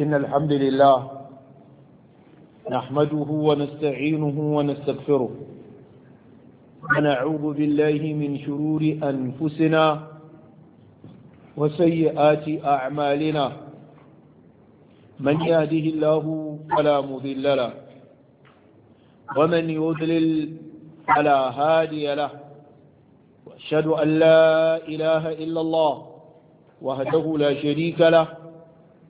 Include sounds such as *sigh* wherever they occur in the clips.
إن الحمد لله نحمده ونستعينه ونستغفره ونعوذ بالله من شرور أنفسنا وسيئات أعمالنا من يهده الله فلا مذل له ومن يذلل فلا هادي له وأشهد أن لا إله إلا الله وهده لا شريك له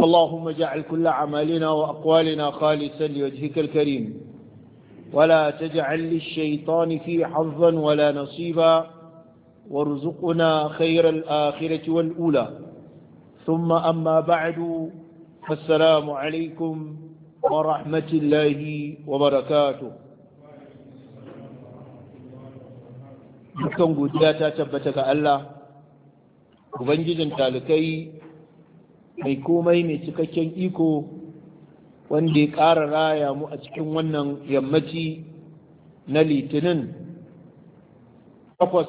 اللهم اجعل كل عمالنا وأقوالنا خالصا لوجهك الكريم ولا تجعل للشيطان في حظا ولا نصيبا وارزقنا خير الآخرة والأولى ثم أما بعد فالسلام عليكم ورحمة الله وبركاته dukkan godiya ta tabbata ga Allah ubangijin talikai mai komai mai cikakken iko wanda ya ƙara raya mu a cikin wannan yammaci na litinin takwas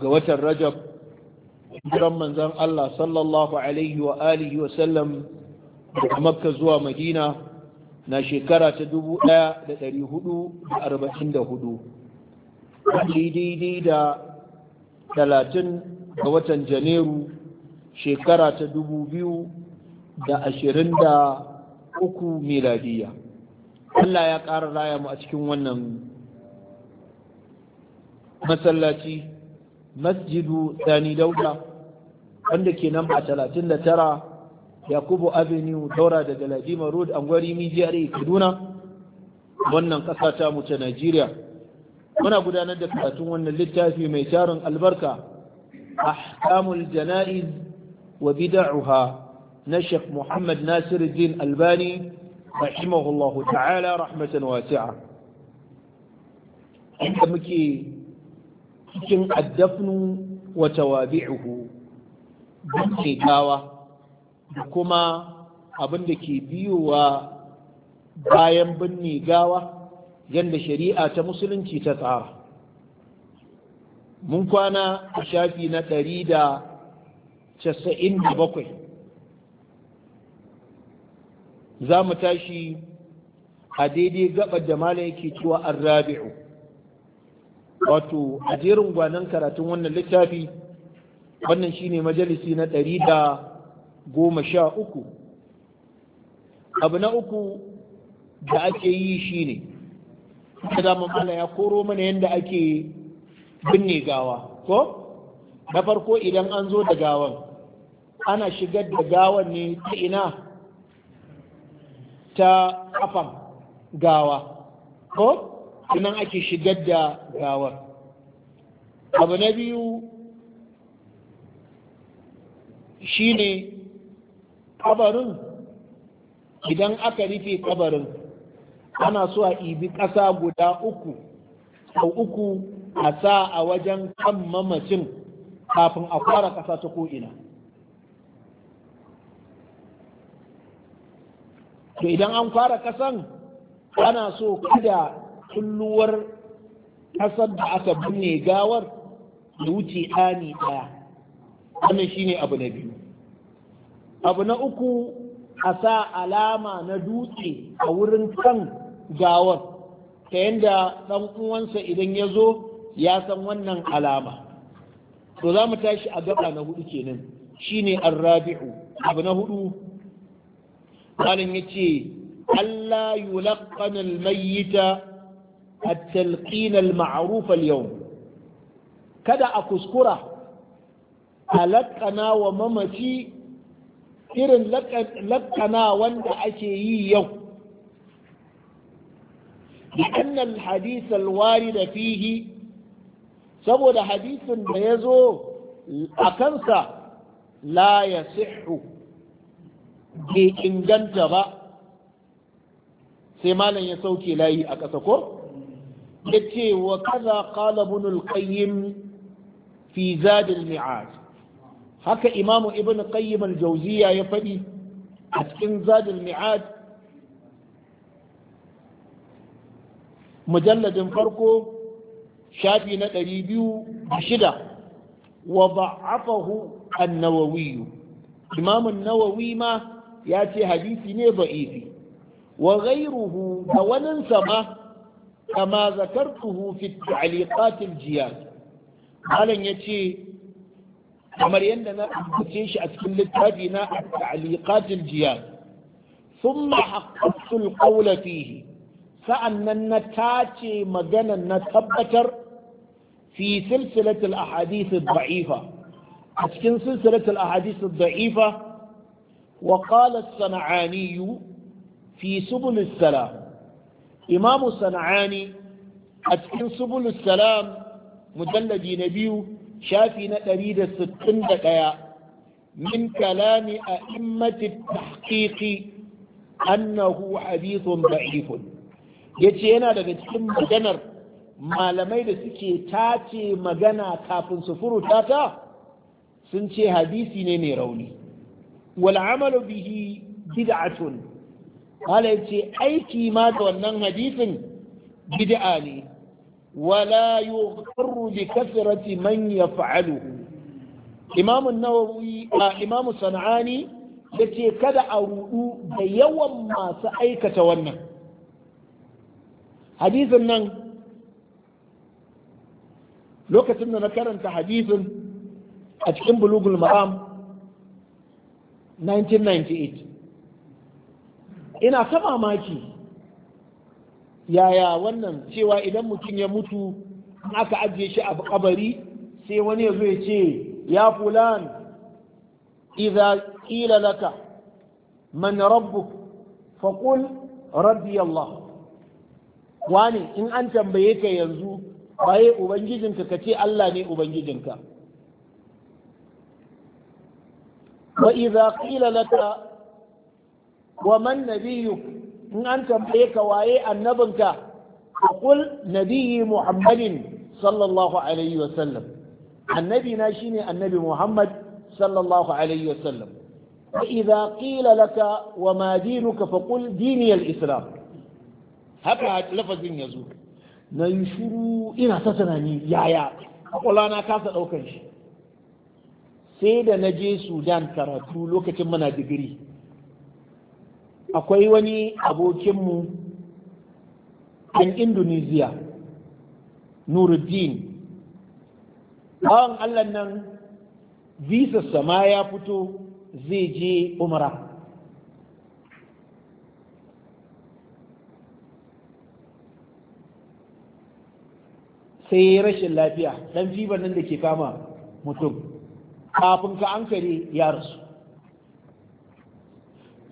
ga watan rajab jiran manzan Allah sallallahu alaihi wa alihi wa sallam daga makka zuwa madina na shekara ta dubu ɗaya da ɗari hudu da arba'in da hudu daidai da talatin ga watan janairu shekara ta dubu biyu da ashirin da uku miladiya Allah ya ƙara raya mu a cikin wannan masallaci masjidu sani dauda wanda ke nan ba talatin da tara yakubu avenue taura da galadima road angwari mijiyar kaduna wannan ƙasa ta mu najeriya muna gudanar da karatun wannan littafi mai tarin albarka ahkamul jana'iz وبدعها نشيخ محمد ناصر الدين الباني رحمه الله تعالى رحمة واسعة عندما كي الدفن وتوابعه dutse gawa da kuma abin da ke biyowa bayan binne gawa yadda shari'a ta musulunci ta tsara mun kwana a shafi na ɗari da casa'in da bakwai za mu tashi a daidai gabar da malam yake cewa an rabi'u wato a jerin gwanon karatun wannan littafi wannan shine majalisi na ɗari da goma sha uku abu na uku da ake yi shine Ta zama malam ya koro mana yadda ake binne gawa ko na farko idan an zo da gawan ana shigar da gawan ne ta ina ta kafan gawa ko inan ake shigar da gawar abu na biyu shine kabarin idan aka rufe kabarin ana so a ibi ƙasa guda uku sau uku a sa a wajen kan mamacin kafin a fara ƙasa ta ko'ina to idan an fara kasan ana so kada kulluwar kasar da aka binne gawar da wuce ɗani ɗaya wannan ne abu na biyu abu na uku a sa alama na dutse a wurin kan gawar ta yadda ɗan uwansa idan ya zo ya san wannan alama to za mu tashi a gaba na hudu kenan shi shine arrabi'u abu na hudu malam ya ce Allah yulaqqan almayyita at-talqin al-ma'ruf al-yawm kada a kuskura alaqana wa mamaci irin laqana wanda ake yi yau لأن wari da fihi saboda hadisin da ya zo a kansa la ya sihu bai inganta ba sai malam ya sauke layi a ƙasa ko ya ce wa kaza qala ibn fi zadin miad haka imamu ibn qayyim al-jawziya ya faɗi a cikin zadin miad mujalladin farko shafi na ɗari biyu da shida wa ba'afahu an nawawiyu imamun nawawi ma ya ce hadisi ne da'ifi wa ghayruhu da wanin sama kama zakartuhu fi ta'liqat al-jiyad malam yace kamar yadda na ambace shi a cikin littafi na ta'liqat al-jiyad thumma haqqaqtu al fihi sa'annan na tace magana na tabbatar fi في سلسلة الأحاديث A cikin سلسلة الأحاديث da'ifa وقال الصنعاني في سبل السلام إمام الصنعاني أتكن سبل السلام مجلد نبيه شافنا تريد الستين دقيا من كلام أئمة التحقيق أنه حديث ضعيف يتينا لكتكن مجنر malamai da suke tace magana kafin su furutata sun ce hadisi ne mai rauni wal amalu bihi bid'atun mala yace aiki ma da wannan hadisin bid'a ne wala yughru bi kathrati man yaf'aluhu imam an-nawawi imam sanani yace kada a rudu da yawan masu aikata wannan hadisin nan lokacin da na karanta hadisin a cikin bulugul maram 1998 ina ta mamaki yaya wannan cewa idan mutum ya mutu aka ajiye shi a kabari sai wani ya zo ya ce ya fulan idza qila laka man rabbuk faqul rabbi Allah wani in an tambaye ka yanzu waye ubangijinka ka ce Allah ne ubangijinka وإذا قيل لك ومن نبيك إن أنت بحيك وإيه النبنك فقل نبي محمد صلى الله عليه وسلم النبي ناشيني النبي محمد صلى الله عليه وسلم وإذا قيل لك وما دينك فقل ديني الإسلام هكا لفظ يزول na yi shuru ina ta tunani yaya akwala na kasa ɗaukar shi sai da na je sudan karatu lokacin muna digiri akwai wani abokinmu ɗan indonesia nuruddin bawan allah nan visa ma ya fito zai je umara sai rashin lafiya dan fiban nan da ke kama mutum kafin ka an kare ya rasu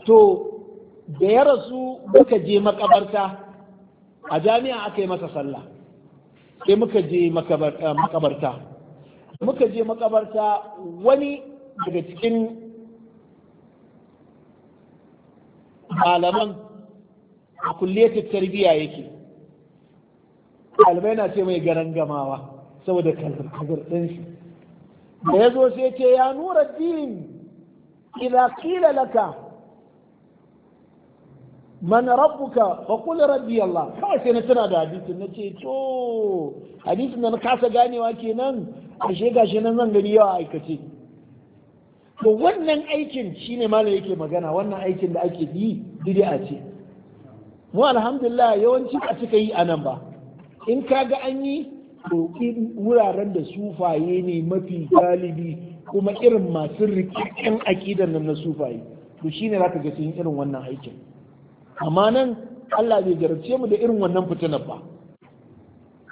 to da ya rasu muka je makabarta a jami'a aka yi masa sallah sai muka je eh, makabarta muka je makabarta wani daga cikin malaman a kulletar tarbiyya yake ɗalibai na ce mai garan gamawa saboda kazar ɗin da ya zo sai ce ya nura din ila kila laka man rabbuka fa qul rabbi Allah kawai sai na tuna da hadisin na ce to hadisin na kasa ganewa kenan ashe gashi nan zan gani yawa aikace to wannan aikin shine malam yake magana wannan aikin da ake yi a ce mu alhamdulillah yawanci a cika yi anan ba in ka ga an yi to wuraren da sufaye ne mafi galibi kuma irin masu rikakken aƙidar nan na sufaye to shine za ga sun irin wannan aikin amma nan Allah bai jarabce mu da irin wannan fitinar ba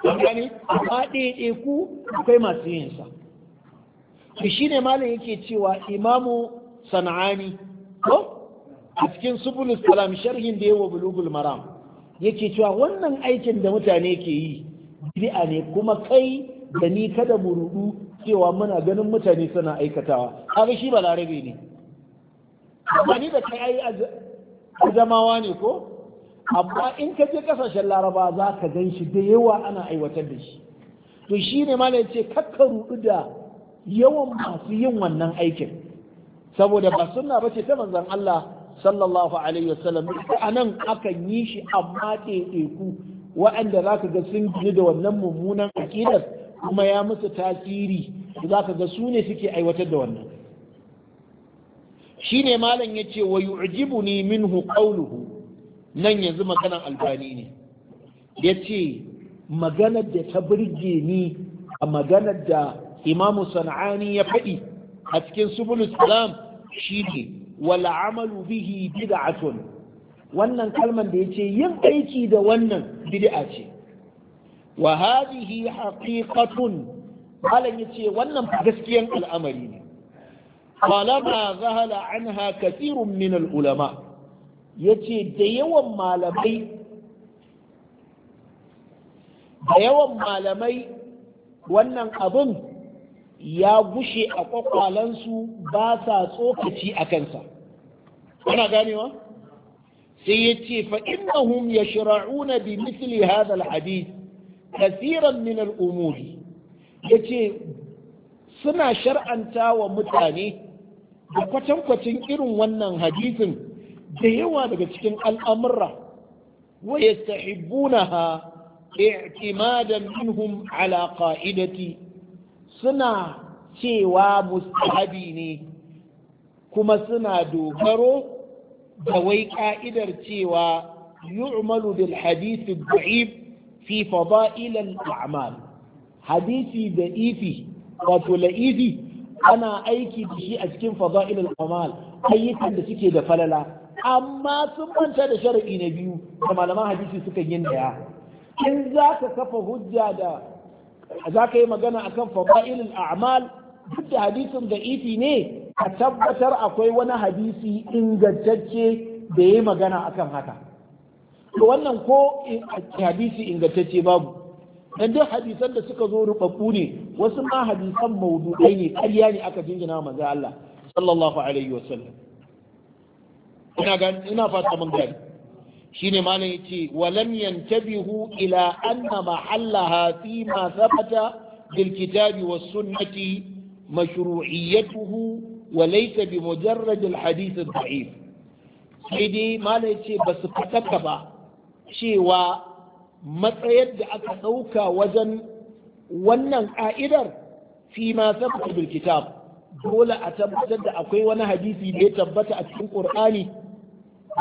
an gane amma ɗaya ku akwai masu yin sa to shine malam yake cewa imamu sana'ani ko a cikin subulus salam sharhin da yawa bulugul maram yake cewa wannan aikin da mutane ke yi bid'a ne kuma kai da ni kada mu rudu cewa muna ganin mutane suna aikatawa kaga shi ba larabe ne amma ni da kai ai azamawa ne ko amma in ka je kasashen laraba za ka gan shi da yawa ana aiwatar da shi to shi ne malam ce kakka rudu da yawan masu yin wannan aikin saboda ba sunna ba ce ta manzon Allah sallallahu alaihi wasallam a nan akan yi shi amma ɗaiɗaiku waɗanda za ka ga sun da wannan mummunan aƙidar kuma ya musu tasiri za ka ga su ne suke aiwatar da wannan shi ne malam ya ce wa yu'jibu ni minhu qawluhu nan yanzu maganar albani ne ya ce maganar da ta burge ni a maganar da imamu sana'ani ya faɗi a cikin subul islam shi ne wal amalu bihi bid'atun wannan kalman da yace yin aiki da wannan bid'a ce wa hadhihi haqiqatun malam yace wannan gaskiyan al'amari ne qalama zahala anha kathirun min al-ulama yace da yawan malamai da yawan malamai wannan abun ya gushe a kwakwalansu ba sa tsokaci a kansa. kana ganewa? sai ya ce fa ya yashra'una bi misli hadha alhadith kasiran umuri." Ya yace suna shar'anta wa mutane da kwatankwacin irin wannan hadisin da yawa daga cikin al'amurra wa yastahibbunaha i'timadan minhum ala qa'idati suna cewa mustahabi ne kuma suna dogaro da wai ka'idar cewa yu'malu bil hadith daif fi fada'il amal hadisi da ifi wato la'ifi ana aiki da shi a cikin fada'il al-a'mal ayyukan da suke da falala amma sun manta da shar'i na biyu da malaman hadisi suka yin daya in za ka kafa hujja da za ka yi magana akan fada'il amal duk da hadisin da ne a tabbatar akwai wani hadisi ingantacce da ya magana akan haka to wannan ko hadisi ingantacce babu dan duk hadisan da suka zo rubabbu ne wasu ma hadisan maudu'ai ne ƙarya ne aka jingina manzo Allah sallallahu alaihi wasallam ina ga ina fata mun gani shine malam yace walam yantabihu ila anna mahallaha fi ma thabata bil kitabi was sunnati mashru'iyyatuhu wa laysa bi mujarrad al hadith al sai dai malai ce ba su fataka ba cewa matsayar da aka ɗauka wajen wannan ƙa'idar fi ma sabata bil kitab dole a tabbatar da akwai wani hadisi da ya tabbata a cikin qur'ani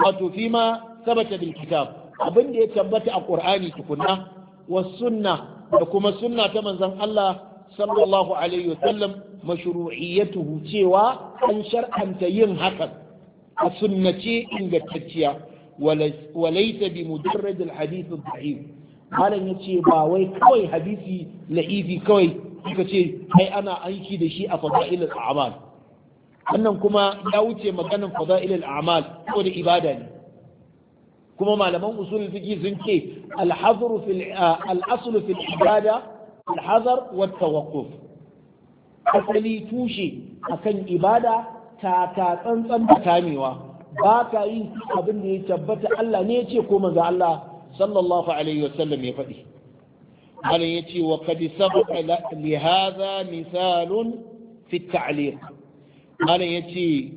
wato fi ma sabata bil kitab abin ya tabbata a qur'ani tukunna wa sunna da kuma sunna ta manzon Allah sallallahu alaihi wasallam mashru'iyyatuhu cewa an shar'anta yin hakan a sunnace ingantacciya walaysa bi mujarrad al-hadith ad-da'if malam yace ba wai kawai hadisi la'ifi kawai suka ce ai ana aiki da shi a fada'il al-a'mal wannan kuma ya wuce maganan fada'il al-a'mal ko da ibada ne kuma malaman usul fiqi sun ce al-hazru fil al-asl fil ibada al-hazar wa tawaqquf asali tushe akan ibada ta ta tsantsan da kamewa ba ka yi abin da ya tabbata Allah ne ya ce ko manzo Allah sallallahu alaihi wasallam ya faɗi bal ya ce wa qad sabaqa li hadha misalun fi ta'liq bal ya ce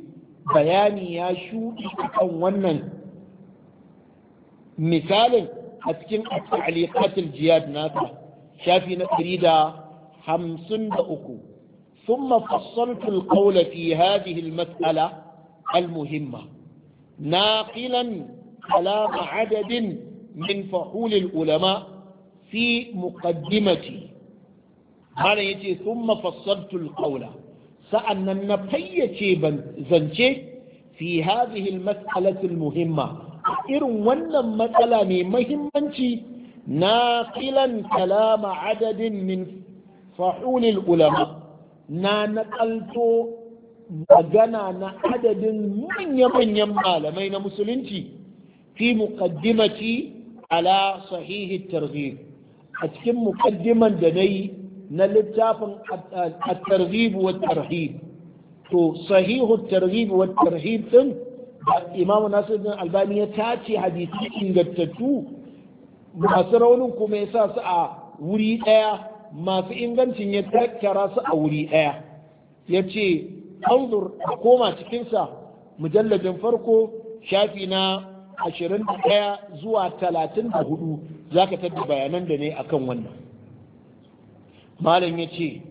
bayani ya shudi kan wannan misalin a cikin at-ta'liqat al-jiyad nata shafi na uku. ثم فصلت القول في هذه المسألة المهمة ناقلا كلام عدد من فحول العلماء في مقدمتي أنا يتي ثم فصلت القول سأنا نفيتي زنجي في هذه المسألة المهمة إرن ونن مسألة مهمة ناقلا كلام عدد من فحول العلماء na naƙalto magana na adadin manya-manyan malamai na musulunci fi muqaddimati ala sahihi targhib a cikin muqaddiman da nayi na littafin at-targhib wa tarhib to sahihu targhib wa tarhib din da imamu nasiruddin albani ya tace hadisi ingantattu masu raunin kuma ya sa su a wuri ɗaya masu ingancin ya tattara su a wuri ɗaya ya ce anzur a koma cikinsa mujalladin farko shafi na ashirin da zuwa talatin da za ka bayanan da ne a kan wannan malam ya ce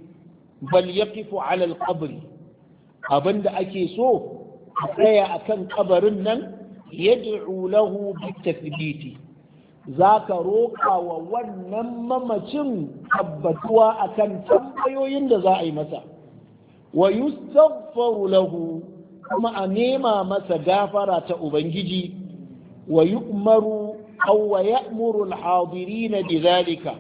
bal yaqifu ala abin abinda ake so a tsaya akan kabarin nan yad'u lahu Biti. za ka roƙa wa wannan mamacin tabbatuwa a kan tambayoyin da za a yi masa wa yustaghfaru lahu kuma a nema masa gafara ta ubangiji wa yu'maru aw wa ya'muru al-hadirin bidhalika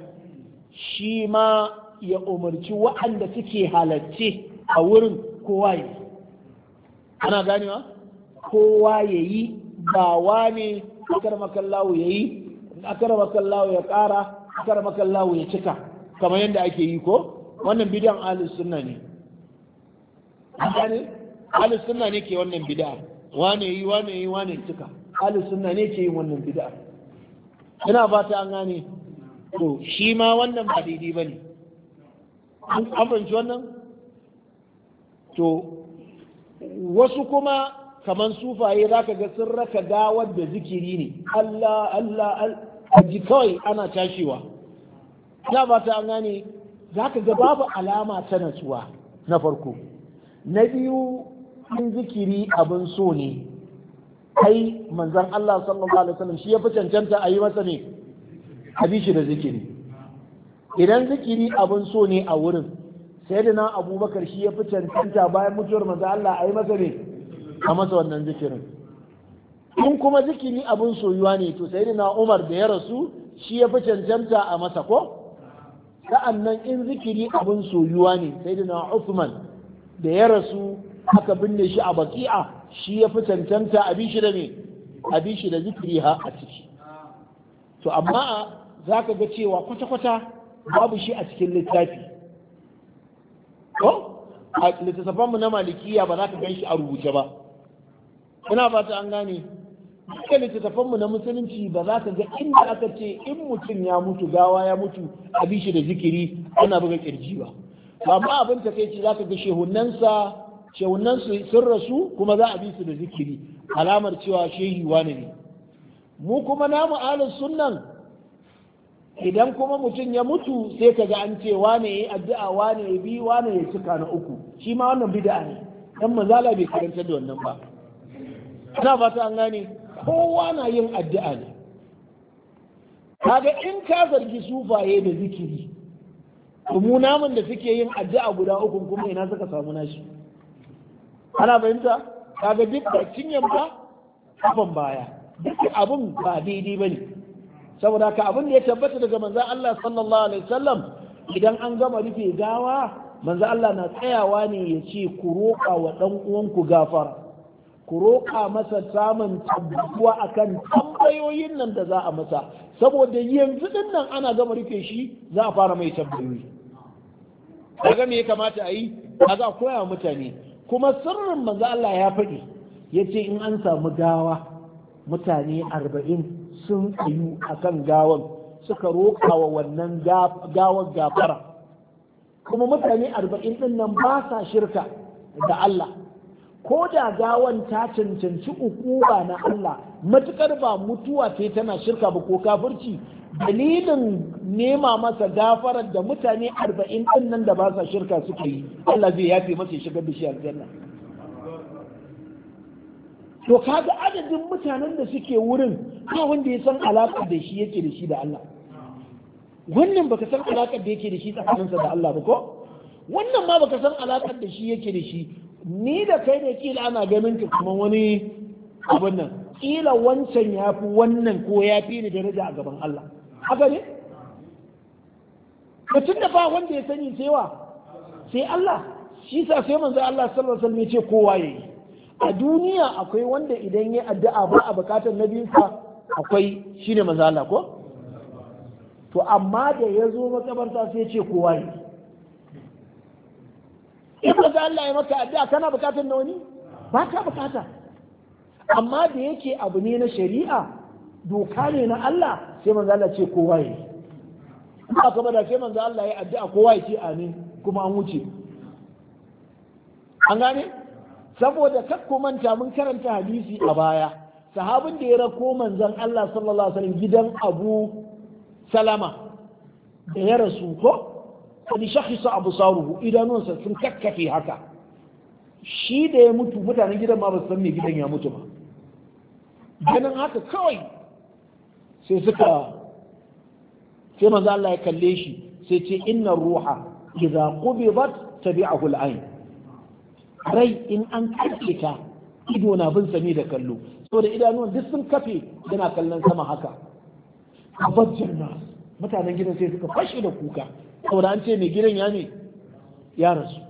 shi ma ya umarci waɗanda suke halarci a wurin kowa yi ana ganewa kowa ya yi ba wane akar makallahu ya yi akaramaka Allah ya ƙara akaramaka Allah ya cika kamar yadda ake yi ko wannan bidan ahli sunna ne ahli sunna ne ke wannan bid'a wane yi wane yi wane cika ahli sunna ne ke yin wannan bid'a ina fata an gane to shi ma wannan ba daidai bane an amince wannan to wasu kuma kaman sufaye zaka ga sun raka dawar da zikiri ne Allah Allah a ji kawai ana tashiwa ya ba ta an gane za ka ga babu alama ta natsuwa na farko na biyu in zikiri abin so ne kai manzan Allah sallallahu alaihi wasallam shi ya fi cancanta a yi masa ne a bi shi da zikiri idan zikiri abin so ne a wurin sai da na abubakar shi ya fi cancanta bayan mutuwar manzan Allah a yi masa ne a masa wannan zikirin in kuma zikiri abin soyuwa ne to sai na umar da ya rasu shi ya fi cancanta a masa ko sa'annan in zikiri abin soyuwa ne sai na Uthman da ya rasu aka binne shi a baki'a shi ya fi cancanta a bishi da ne a shi da zikiri ha a ciki to amma za ka ga cewa kwata-kwata babu shi a cikin littafi ko a littattafanmu na malikiya ba za ka gan shi a rubuce ba ina fata an gane da littattafanmu na musulunci ba za ka ga inda aka ce in mutum ya mutu gawa ya mutu a bishi da zikiri ana buga kirji ba amma abin ta ce za ka ga shehunansa shehunansu sun rasu kuma za a bi su da zikiri alamar cewa shehi wani ne mu kuma namu alin sunnan idan kuma mutum ya mutu sai ka ga an ce wane ya addu'a wane ya bi wane ya cika na uku shi ma wannan bid'a ne dan mazala bai karanta da wannan ba ina fata an gane kowa na yin addu'a ne kaga in ka zargi sufaye da zikiri mu namun da suke yin addu'a guda uku kuma ina suka samu nashi ana fahimta kaga duk da cinyan ba kafan baya duk abin ba daidai bane saboda ka abin da ya tabbata daga manzon Allah sallallahu alaihi wasallam idan an gama rufe gawa manzo Allah na tsayawa ne ya ce ku roƙa wa ɗan uwanku gafara ku roƙa masa samun tabbatuwa akan tambayoyin nan da za a masa saboda yanzu ɗin nan ana gama rufe shi za a fara mai tambayoyi kaga me ya kamata a yi a a koya mutane kuma sirrin manzo Allah ya faɗi ya ce in an samu gawa mutane arba'in sun tsayu kan gawan suka roƙa wa wannan gawar gafara kuma mutane arba'in ɗin nan ba sa shirka da Allah ko da gawan ta cancanci ukuba na Allah matukar ba mutuwa ce tana shirka ba ko kafirci dalilin nema masa gafarar da mutane arba'in din nan da ba sa shirka suka yi Allah zai yafe masa shiga da shi aljanna to kaga adadin mutanen da suke wurin ba wanda ya san alaka da shi yake da shi da Allah wannan baka san alakar da yake da shi tsakaninsa da Allah ba ko wannan ma baka san alakar da shi yake da shi ni da kai ne kila ana ganin ka kuma wani abin nan kila wancan ya fi wannan ko ya fi ni daraja a gaban Allah haka ne mutum da ba wanda ya sani cewa sai Allah shi sa sai manzo Allah sallallahu alaihi wasallam ya ce kowa yayi a duniya akwai wanda idan ya addu'a ba a bukatar nabinsa akwai shine manzo Allah ko to amma da ya zo makabarta sai ya ce kowa yayi in ka ga Allah ya maka addu'a kana bukatar na wani ba ka bukata amma da yake abu ne na shari'a doka ne na Allah sai manzo Allah ce kowa yi ba ka bada sai manzo Allah ya addu'a kowa yi ce amin kuma an wuce an gane saboda kar ku manta mun karanta hadisi a baya sahabin da ya rako manzon Allah sallallahu alaihi wasallam gidan Abu Salama da ya rasu ko kadi Abu abusaruhu idanunsa sun kakkafe haka shi da ya mutu mutanen gidan ma ba su san me gidan ya mutu ba ganin haka kawai sai suka sai manzo Allah ya kalle shi sai ce inna ruha idza qubidat tabi'ahu al-ayn rai in an kace ta ido na bin sami da kallo saboda idanuwan duk sun kafe yana kallon sama haka abajjan nas mutanen gidan sai suka fashe da kuka saboda an ce mai gidan ya ne ya rasu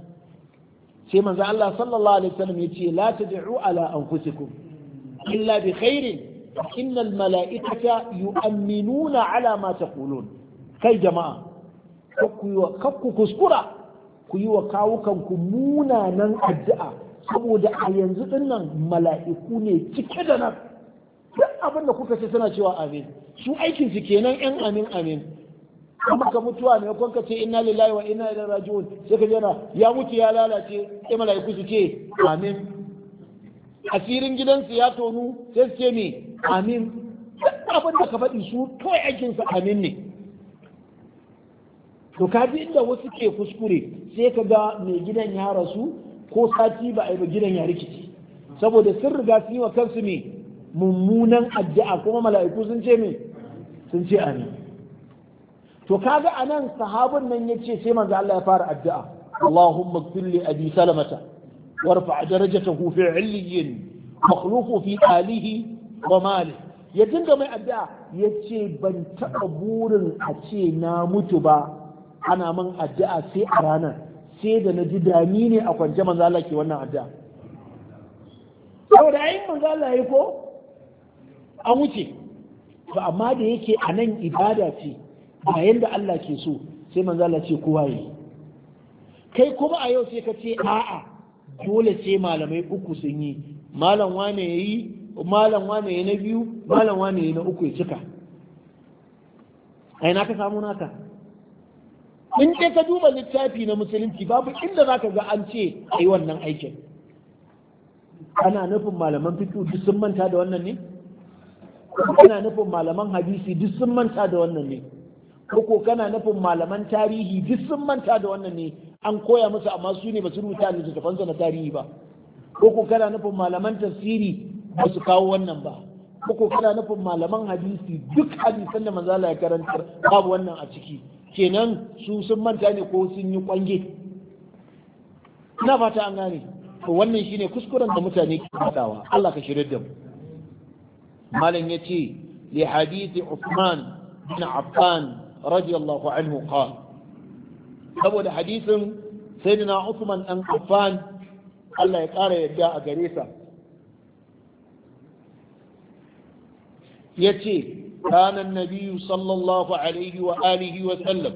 sai manzo Allah sallallahu alaihi wasallam ya ce la tad'u ala anfusikum illa bi khairin innal mala'ikata yu'minuna ala ma taqulun kai jama'a kakku kuskura ku yi wa ku munanan addu'a saboda a yanzu dinnan mala'iku ne cike da nan duk abin da kuka ce suna cewa amin su aikin su kenan yan amin amin amma ka mutuwa ne kun ka ce inna lillahi wa inna ilaihi raji'un sai ka jira ya mutu ya lalace sai malaiku su ce amin asirin gidansu ya tonu sai su ce me amin abin da ka faɗi su to aikin su amin ne to ka ji inda wasu ke kuskure sai ka ga mai gidan ya rasu ko sati ba a yi ba gidan ya rikici saboda sun riga sun yi wa kansu ne mummunan addu'a kuma mala'iku sun ce me sun ce amin to kaga anan sahabun nan yace sai manzo Allah ya fara addu'a Allahumma ighfir li abi salamata warfa darajatahu fi illiyin makhluqu fi alihi wa mali ya dinga mai addu'a yace ban taɓa burin a ce na mutu ba ana man addu'a sai a ranar sai da na ji dami ne a kwance manzo Allah ke wannan addu'a saboda ayin manzo Allah yayi ko an wuce to amma da yake anan ibada ce a yanda Allah ke so sai manzo Allah ce kowa yi kai kuma a yau sai ka ce a'a dole sai malamai uku sun yi malam wane yayi malam wane yayi na biyu malam wane yayi na uku ya cika ai na ka samu naka in dai ka duba littafi na musulunci babu inda zaka ga an ce ai wannan aikin ana nufin malaman fiqh duk sun manta da wannan ne ana nufin malaman hadisi duk sun manta da wannan ne ko kana nufin malaman tarihi duk sun manta da wannan ne an koya musu amma su ne ba su rubuta littattafansa na tarihi ba ko kana nufin malaman tafsiri ba su kawo wannan ba ko kana nufin malaman hadisi duk hadisan da manzala ya karanta babu wannan a ciki kenan su sun manta ne ko sun yi kwange ina fata an gane to wannan shine kuskuren da mutane ke fatawa Allah ka shirye da mu malam yace li hadisi Uthman bin Affan radiyallahu anhu qala saboda hadisin sayyidina Uthman dan Affan Allah ya ƙara yadda a gare sa yace كان النبي صلى الله عليه وآله وسلم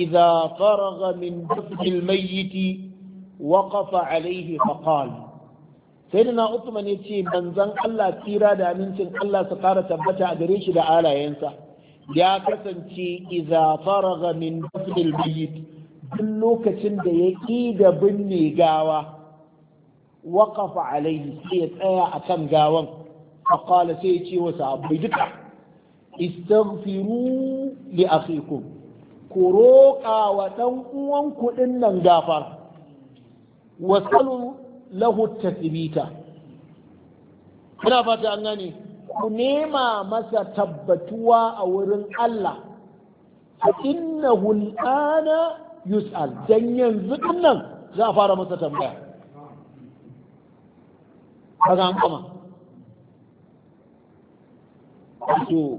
إذا فرغ من دفن الميت وقف عليه فقال سيدنا عثمان يتي من زن الله تيرا دا منتن الله سقارة تبتا أدريش دا آلا ينسى ya kasance iza faraga min dafnil mayyit duk lokacin da ya ƙi da binne gawa waƙafa alayhi sai ya tsaya a kan gawan faƙala sai ya ce wa sahabbai duka istaghfiru li akhikum ku roƙa wa ɗan uwan kuɗin nan gafar wasalu lahu tasbita ina fata an gane ku nema masa tabbatuwa a wurin Allah a inna hul'ana yus'al don yanzu nan za a fara masa tambaya kaga an kama so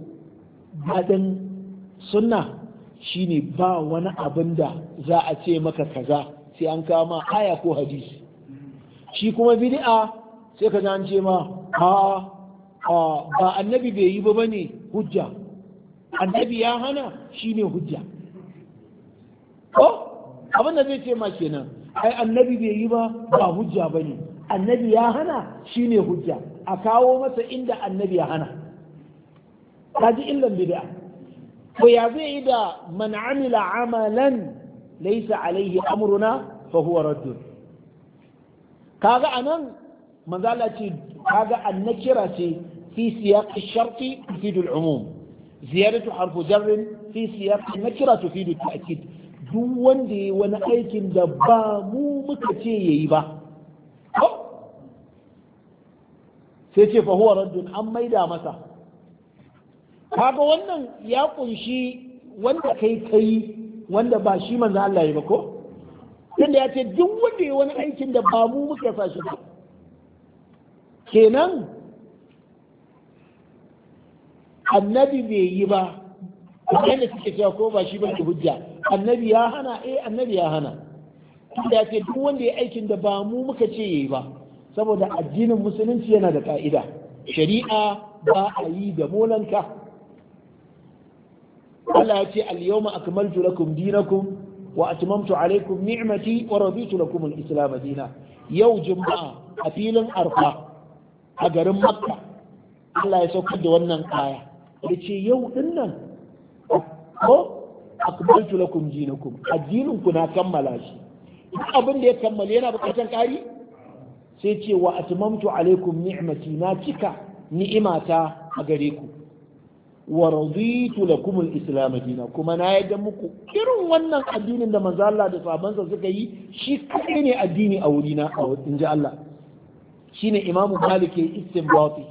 daɗin shi ne ba wani abin da za a ce maka kaza sai an kama aya ko hadisi shi kuma bid'a sai ka ce ma ha ba annabi bai yi ba bane hujja annabi ya hana shi ne hujja ko abin da zai ce ma kenan ai annabi bai yi ba ba hujja bane annabi ya hana shi ne hujja a kawo masa inda annabi ya hana kaji illan bid'a ko ya zai yi da man amila amalan laysa alaihi amruna fa huwa raddun kaga anan manzo Allah ce kaga annakira ce في سياق الشرط تفيد العموم زيادة حرف جر في سياق النكرة تفيد التأكيد duk wanda ya wani aikin da ba mu muka ce ya yi ba sai ce fahuwa raddun an maida masa kaga wannan ya kunshi wanda kai kai wanda ba shi manzo Allah ya ba ko tunda ya ce duk wanda ya wani aikin da ba mu muka sa shi kenan annabi bai yi ba kamar da suke cewa ko ba shi ba hujja annabi ya hana eh annabi ya hana da ke duk wanda ya aikin da ba mu muka ce yayi ba saboda addinin musulunci yana da ka'ida shari'a ba a yi da molanka Allah ya ce al-yawma akmaltu lakum dinakum wa atmamtu alaykum ni'mati wa raditu lakum al-islam dina yau juma'a a filin arfa a garin makka Allah ya saukar da wannan kaya ya ce yau din nan ko kun ji na addinin ku na kammala shi abin da ya kammala yana bukatan kari sai ce wa atmamtu alaikum ni'mati na cika ni'imata a gare ku wa raditu lakum al dinan kuma na yadda muku irin wannan addinin da manzo Allah da sahabbansa suka yi shi kai ne addini a wurina a wajen Allah shine Imam Malik ya istinbati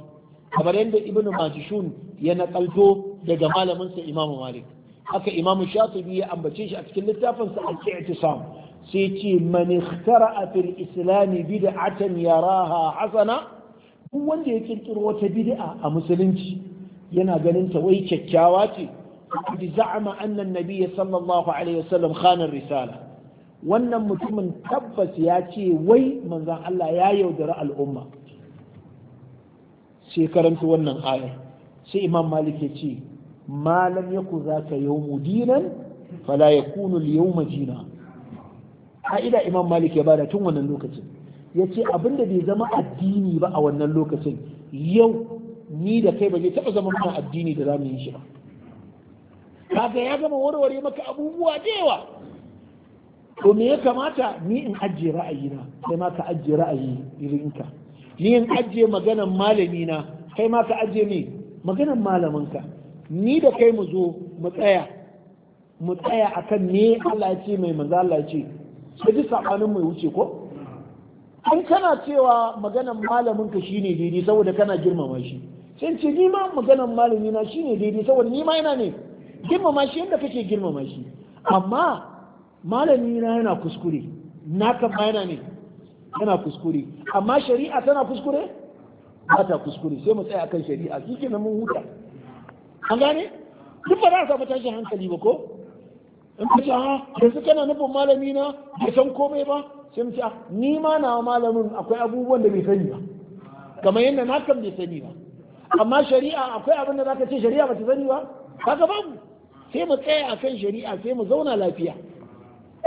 kamar yadda ibnu majishun ya naƙalto daga malaminsa imamu malik haka imamu shafi'i ya ambace shi a cikin littafinsa al-i'tisam sai ce man ikhtara'a fil islam bid'atan yaraha hasana duk wanda ya kirkiro wata bid'a a musulunci yana ganin ta wai kyakkyawa ce bi za'ama anna an-nabiy sallallahu alaihi wasallam khana risala wannan mutumin tabbas ya ce wai manzon Allah ya yaudara al'umma sai karanta wannan ayar sai imam malik ya ce malam ya ku za ka yau dinan fala ya kunu yau majina ka'ida imam malik ya bada tun wannan lokacin ya ce abinda bai zama addini ba a wannan lokacin yau ni da kai ba zai taɓa zama mana addini da zamu yi shi ba kaga ya gama warware maka abubuwa da yawa to me ya kamata ni in ajiye ra'ayina sai ma ka ajiye ra'ayi irinka ni in ajiye maganan malami na kai ma ka ajiye ne maganan malaminka ni da kai mu zo mu tsaya mu tsaya akan ne Allah ce mai manzo Allah ya ce sai ji sabanin mai wuce ko an kana cewa maganan malaminka shine daidai saboda kana girmama shi sai ce ni ma maganan malami na shine daidai saboda ni ma ina ne girmama shi yadda kake girmama shi amma malamina yana kuskure naka ma yana ne yana kuskure amma shari'a tana kuskure ba ta kuskure sai mu tsaya akan shari'a shi mun huta an gane duk ba za a samu tashin hankali ba ko in ka ha ah, yanzu kana nufin malami na bai san komai ba sai mu ce ah, ni ma na malamin akwai abubuwan da bai sani ba kamar yadda na kan bai sani ba amma shari'a akwai abin da za ka ce shari'a ba ta sani ba kaga babu sai mu tsaya akan shari'a sai mu zauna lafiya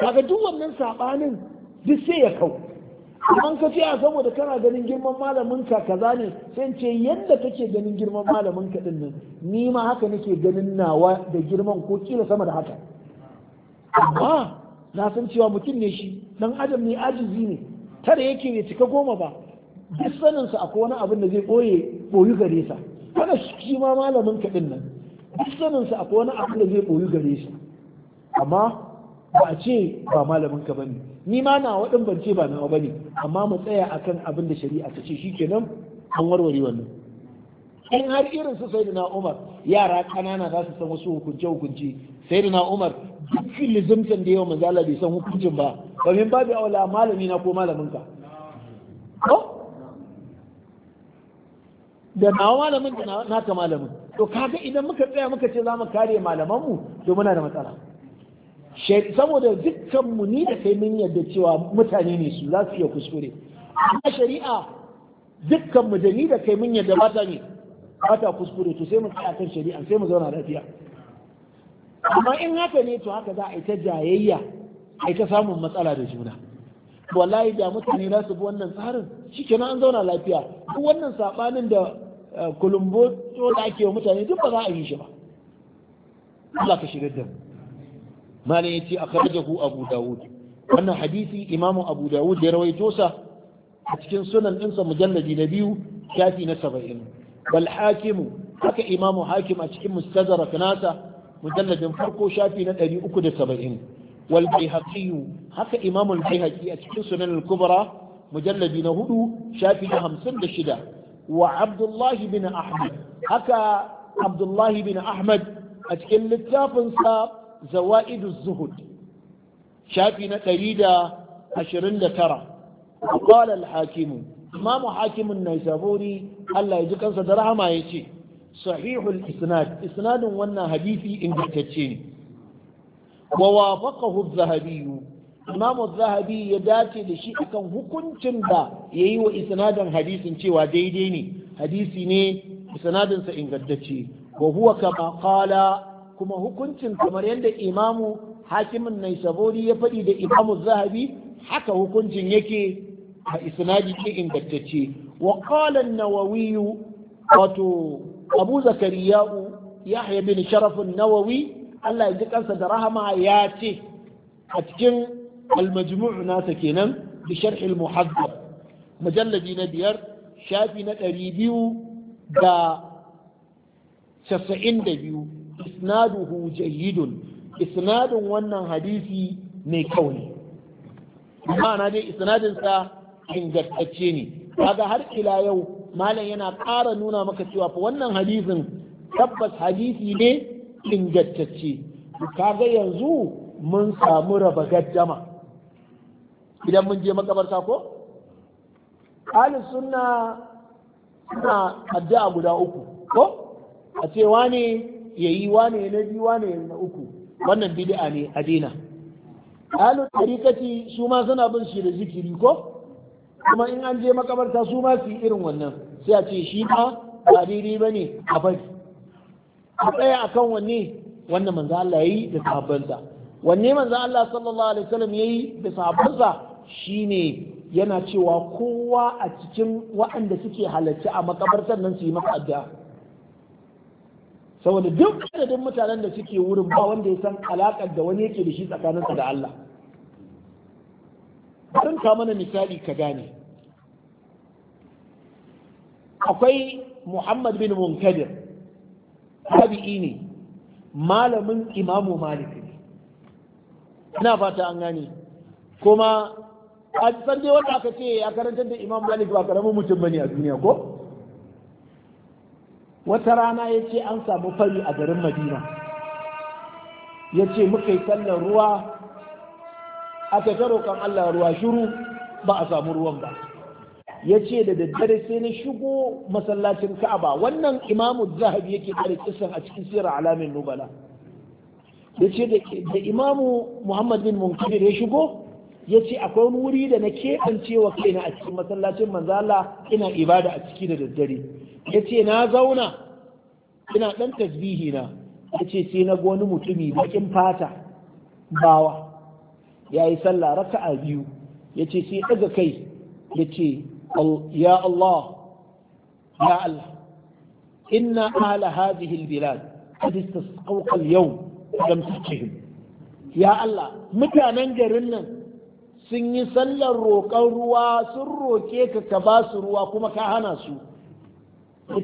kaga duk wannan sabanin duk sai ya kau amma ka ce a saboda kana ganin girman malamin ka kaza ne sai ce yadda kake ganin girman malaminka ka din nan ni ma haka nake ganin nawa da girman ko kila sama da haka amma na san cewa mutum ne shi dan adam ne ajizi ne tare yake ne cika goma ba duk sanin sa akwai wani abin da zai boye boyu gare sa kana shi ma malamin ka din nan duk sanin sa akwai wani abin da zai boyu gare shi amma ba a ce ba malamin ka bane ni ma na waɗin ban ce ba nawa bane amma mu tsaya akan abin da shari'a ta ce shi nan an warware wannan in har irin su sai na umar yara kanana za su san wasu hukunce hukunce sai na umar dukkan lizimtan da yawa manzala bai san hukuncin ba ba min babu aula malami na ko malaminka ko da nawa malamin da naka malamin to kaga idan muka tsaya muka ce za mu kare malamanmu to muna da matsala saboda dukkanmu ni da kai mun yadda cewa mutane ne su za su iya kuskure amma shari'a dukkanmu da ni da kai mun yadda ba ta ne ba ta kuskure to sai mu tsaya kan shari'a sai mu zauna lafiya amma in haka ne to haka za a yi ta jayayya a yi ta samun matsala da juna wallahi da mutane za su bi wannan tsarin Cikina an zauna lafiya duk wannan sabanin da kulumbo eh, da ake wa mutane duk ba za a yi shi ba Allah ka shigar da mu malam yace akhrajahu abu Dawud wannan hadisi imamu abu daud ya rawaito sa a cikin sunan ɗinsa mujalladi na biyu shafi na saba'in wal hakimu haka imamu hakim a cikin mustadrak nasa mujalladin farko shafi na ɗari uku da saba'in wal bayhaqiyu haka imamu al bayhaqi a cikin sunan al kubra mujalladi na hudu shafi na hamsin da shida wa abdullahi bin ahmad haka abdullahi bin ahmad a cikin littafinsa zawa'idu zuhud shafi na ɗari da ashirin da tara qala al-hakimu imam hakimun naisaburi Allah ya ji kansa da rahama ya ce sahihul isnad isnadin wannan hadisi ingantacce ne wa wafaqahu az-zahabi imam az ya dace da shi kan hukuncin da yi wa isnadin hadisin cewa daidai ne hadisi ne isnadin sa ingantacce wa huwa kama qala kuma hukuncin kamar yadda imamu hakimin naisabori ya faɗi da imamu zahabi haka hukuncin yake a isnadi ke ingantacce wa qala an-nawawi wato abu zakariya'u yahya bin sharaf an-nawawi Allah ya ji kansa da rahama ya ce a cikin al-majmu' nasa kenan bi sharh al-muhaddab mujalladi na biyar shafi na ɗari biyu da casa'in da biyu isnaduhu jayyidun isnadin wannan hadisi mai kyau ne ma'ana dai isnadin sa ingantacce ne kaga har ila yau malam yana ƙara nuna maka cewa fa wannan hadisin tabbas hadisi ne ingantacce kaga yanzu mun samu raba gaddama idan mun je makabarta ko ahli sunna suna addu'a guda uku ko a cewa ne yayi wane na biyu wane na uku wannan bid'a ne a dina ahlu tariqati su ma suna bin shi da zikiri ko kuma in an je makabarta su ma su yi irin wannan sai a ce shi ma ba daidai ba ne a bari a tsaya kan wanne wannan manzo Allah ya yi da sahabbansa wanne manzo Allah sallallahu alaihi wasallam yi da sahabbansa shine yana cewa kowa a cikin waɗanda suke halarci a makabartar nan su yi maka addu'a saboda duk adadin mutanen da suke wurin ba wanda ya san alakar da wani yake da shi tsakaninsa da Allah Sun ka mana misali ka gane akwai Muhammad bin Munkadir tabi'i ne malamin Imamu Malik ne ina fata an gane kuma a san dai wanda aka ce ya karantar da Imam Malik ba karamin mutum bane a duniya ko wata rana ya ce an samu fari a garin madina ya ce muka yi sallar ruwa aka ta kan allah ruwa shiru ba a samu ruwan ba ya ce da daddare sai na shigo masallacin ka'aba wannan imamu zahabi yake kare kisan a cikin sirar alamin nubala ya ce da imamu muhammad bin munkabir ya shigo ya ce akwai wani wuri da na keɓance wa kaina a cikin masallacin Manzala. ina ibada a ciki da daddare ya ce na zauna ina ɗan tasbihi na ya ce sai na wani mutumi bakin fata bawa ya yi sallah raka'a biyu ya ce sai ɗaga kai ya ce ya Allah ya Allah inna ala hadhihi albilad qad istasqawqa al-yawm lam ya Allah mutanen garin nan sun yi sallar roƙon ruwa sun roƙe ka ka ba su ruwa kuma ka hana su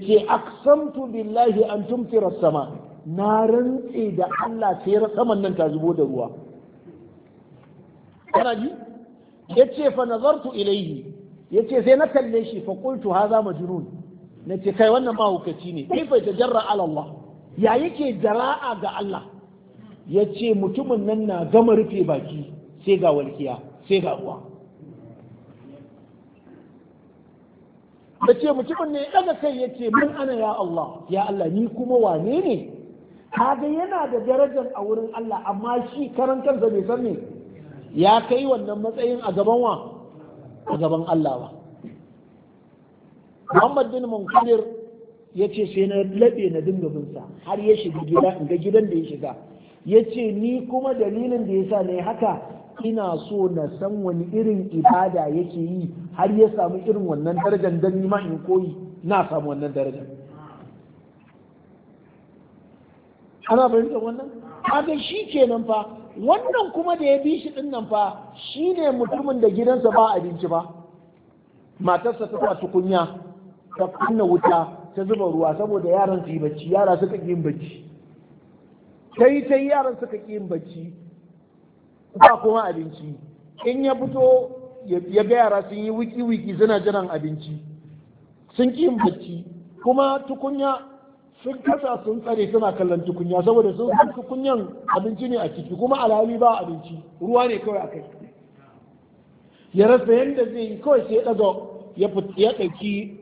ce aksamtu billahi an tumtira sama na rantse da Allah sai saman nan ta zubo da ruwa kana ji ce fa nazartu Ya ce sai na kalle shi fa qultu hadha majnun ce kai wannan mahaukaci ne kaifa tajarra ala Allah ya yake jara'a ga Allah Ya ce mutumin nan na gama rufe baki sai ga walkiya sai ga uwa ce mutumin ne daga kai ya ce man ana ya Allah ya Allah ni kuma wane ne kaga yana da darajar a wurin Allah amma shi karan kansa bai san ya kai wannan matsayin a gaban wa a gaban Allah ba Muhammad bin Munkadir ya ce sai na laɓe na dinga binsa har ya shiga gida in ga gidan da ya shiga ya ce ni kuma dalilin da ya sa ne haka ina so na san wani irin ibada yake yi har ya samu irin wannan darajar dan nima in koyi na samu wannan darajar ana fahimtar wannan kaga shi kenan fa wannan kuma da ya bi shi din nan fa shi ne mutumin da gidansa ba abinci ba matarsa ta kwaci kunya ta kunna wuta ta zuba ruwa saboda yaran su yi bacci yara suka yi bacci ta yi ta yi yaran suka yi bacci ba kuma abinci in ya fito ya ga yara sun yi wiki wiki suna jiran abinci sun ki bacci kuma tukunya sun kasa sun tsare suna kallon tukunya saboda sun san tukunyan abinci ne a ciki kuma alhali ba abinci ruwa ne kawai a kai ya rasa yadda zai yi kawai sai ɗaga ya ɗauki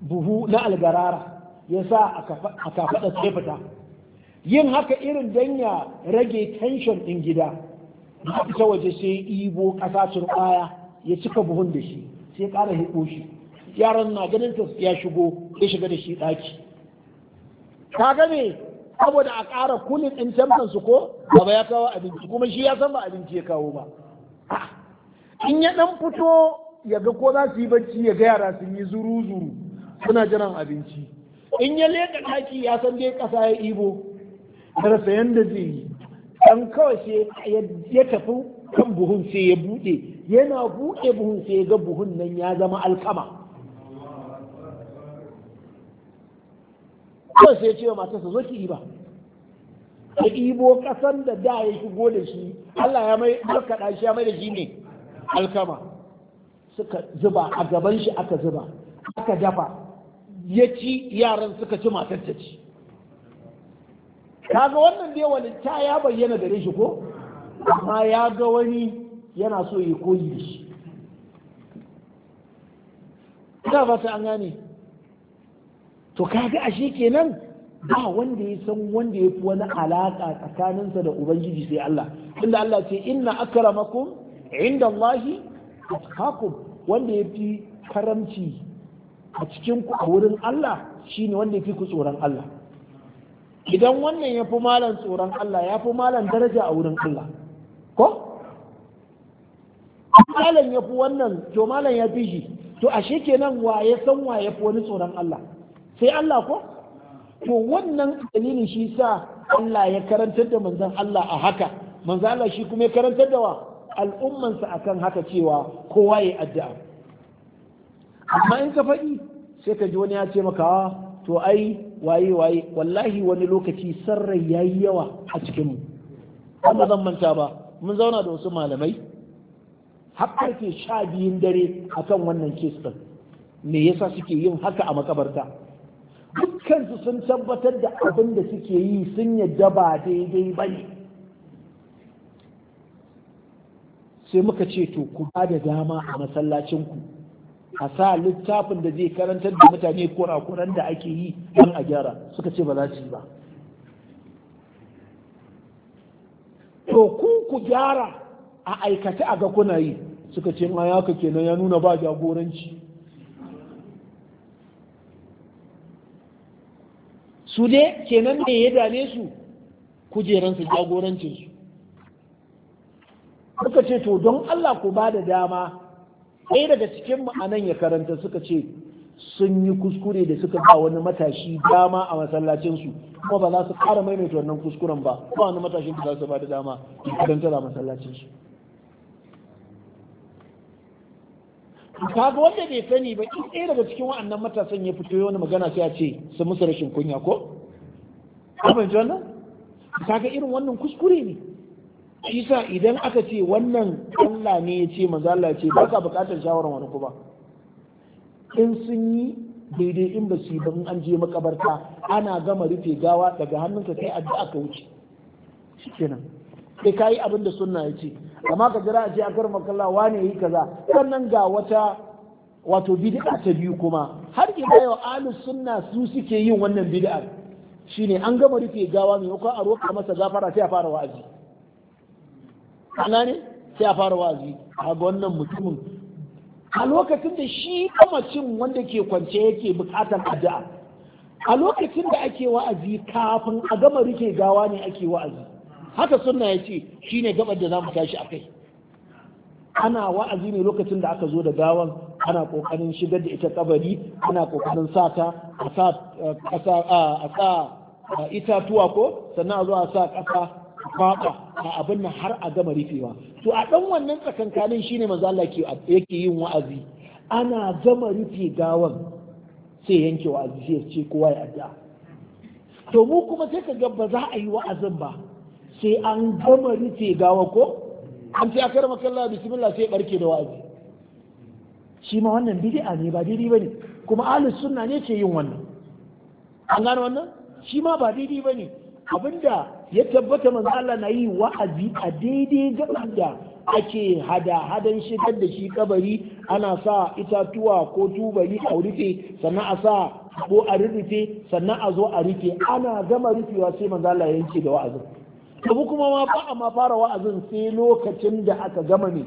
buhu na algarara ya sa a kafaɗa sai fita yin haka irin don ya rage tension ɗin gida ya ta waje sai ibo ƙasa turɓaya ya cika buhun da shi sai ƙara hiɗo shi yaran na ganin ta ya shigo ya shiga da shi ɗaki ka gane saboda a ƙara kunin ɗin tamkan su ko gaba ya kawo abinci kuma shi ya san ba abinci ya kawo ba ah! in ya ɗan fito ya ga ko za su yi bacci ya ga yara sun yi zuru-zuru suna jiran abinci in ya leƙa ɗaki ya san dai ƙasa ya ibo rasa yadda zai yi ɗan kawai sai ya tafi kan buhun sai ya buɗe, yana buɗe buhun sai ya ga buhun nan ya zama alkama kawai sai ya ce wa matarsa zo ki ba ya ibo kasan da da ya shigo da shi Allah ya mai barkaɗa shi ya mai da shi ne alkama suka zuba a gaban shi aka zuba aka dafa ya ci yaran suka ci matar ta ci kaga wannan dai ta ya bayyana gare shi ko amma ya ga wani yana so ya koyi da shi ina ta an gane to kaga ashe kenan ba wanda ya san wanda ya fi wani alaka tsakaninsa da ubangiji sai Allah inda Allah ce inna akramakum inda Allahi atqakum wanda ya fi karamci a cikin ku a wurin Allah shine wanda ya fi ku tsoron Allah idan wannan ya fi malam tsoron Allah ya fi malam daraja a wurin Allah ko malam ya fi wannan to malam ya fi shi to ashe kenan wa ya san wa ya fi wani tsoron Allah sai Allah ko to wannan dalilin shi sa Allah ya karantar da manzan Allah a haka manzan Allah shi kuma ya karantar da wa al'ummansa a kan haka cewa kowa ya addu'a amma in ka faɗi sai ka ji wani ya ce maka ah, to ai waye waye wallahi wani lokaci sarrai yayi yawa a cikin mu amma zan manta ba mun zauna da wasu malamai har karfe sha biyun dare a kan wannan kes din me yasa suke yin haka a makabarta dukkansu sun tabbatar da abin da suke yi sun yadda ba daidai ba ne sai muka ce to ku ba da dama a masallacinku a sa littafin da zai karantar da mutane kurakuran da ake yi don a gyara suka ce ba za su yi ba to ku ku gyara a aikace a ga kuna yi suka ce ma ya kenan ya nuna ba jagoranci su ne kenan ne ya dame su kujeransu jagorancinsu suka ce to don Allah ku ba da dama ɗaya daga cikin ma'anan ya karanta suka ce sun yi kuskure da suka ba wani matashi dama a masallacinsu kuma ba za su ƙara maimaita wannan kuskuren ba ba wani matashin da za su ba da dama a karanta a masallacinsu kaga wanda bai sani ba in ɗaya daga cikin wa'annan matasan ya fito wani magana sai a ce su musu rashin kunya ko? Abin wannan? Kaga irin wannan kuskure ne. shi sa idan aka ce wannan Allah ne ya ce manzo Allah ce ba ka bukatar shawarar wani kuma in sun yi daidai in ba su ba in an je makabarta ana gama rufe gawa daga hannunka kai addu'a ka wuce shikenan kai yi abin da sunna ya ce amma ka jira a ce a karma ne wane yi kaza sannan ga wata wato bid'a ta biyu kuma har ila yau alu sunna su suke yin wannan bid'a shine an gama rufe gawa maimakon a roƙa masa gafara sai a fara wa'azi ana ne sai a fara wa'azi a ga wannan mutumin a lokacin da shi kamacin wanda ke kwance yake bukatar addu'a a lokacin da ake wa'azi kafin a gama rike gawa ne ake wa'azi haka sunna ya ce shi ne gabar da za mu tashi a kai ana wa'azi ne lokacin da aka zo da gawan ana kokarin shigar da ita kabari ana kokarin sa ta a sa itatuwa ko sannan a zo a sa kasa baba a abin nan har a gama rufewa to a dan wannan tsakankanin shine manzo Allah yake yin wa'azi ana gama rufe gawan sai yanke wa'azi sai ce kowa ya addu'a to mu kuma sai ka ga ba za a yi wa'azin ba sai an gama rufe gawa ko an ce akar makalla bismillah sai barke da wa'azi shi ma wannan bid'a ne ba daidai bane kuma ahlus sunna ne ke yin wannan an gano wannan shi ma ba daidai bane abinda ya tabbata manzo Allah na yi wa'azi a daidai ga ake hada-hadan shigar da shi kabari ana sa itatuwa ko tubari a rufe sannan a sa ko a rufe sannan a zo a rufe ana gama rufewa sai manzo Allah ya yanke da wa'azin abu kuma ma ba amma fara wa'azin sai lokacin da aka gama ne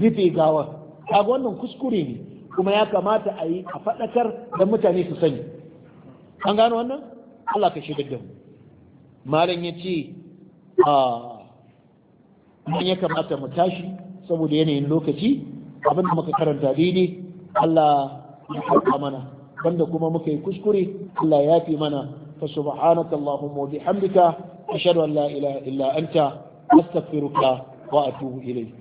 rufe gawa kaga wannan kuskure ne kuma ya kamata a yi a faɗakar da mutane su sani an gano wannan Allah ka shigar da mu malam ya ce a ya kamata mu tashi saboda yanayin lokaci abinda muka karanta daidai Allah ya haɗa mana banda kuma muka yi kuskure Allah ya fi mana fa subhanaka allahumma wa bihamdika ashhadu an la ilaha illa anta astaghfiruka wa atubu ilayk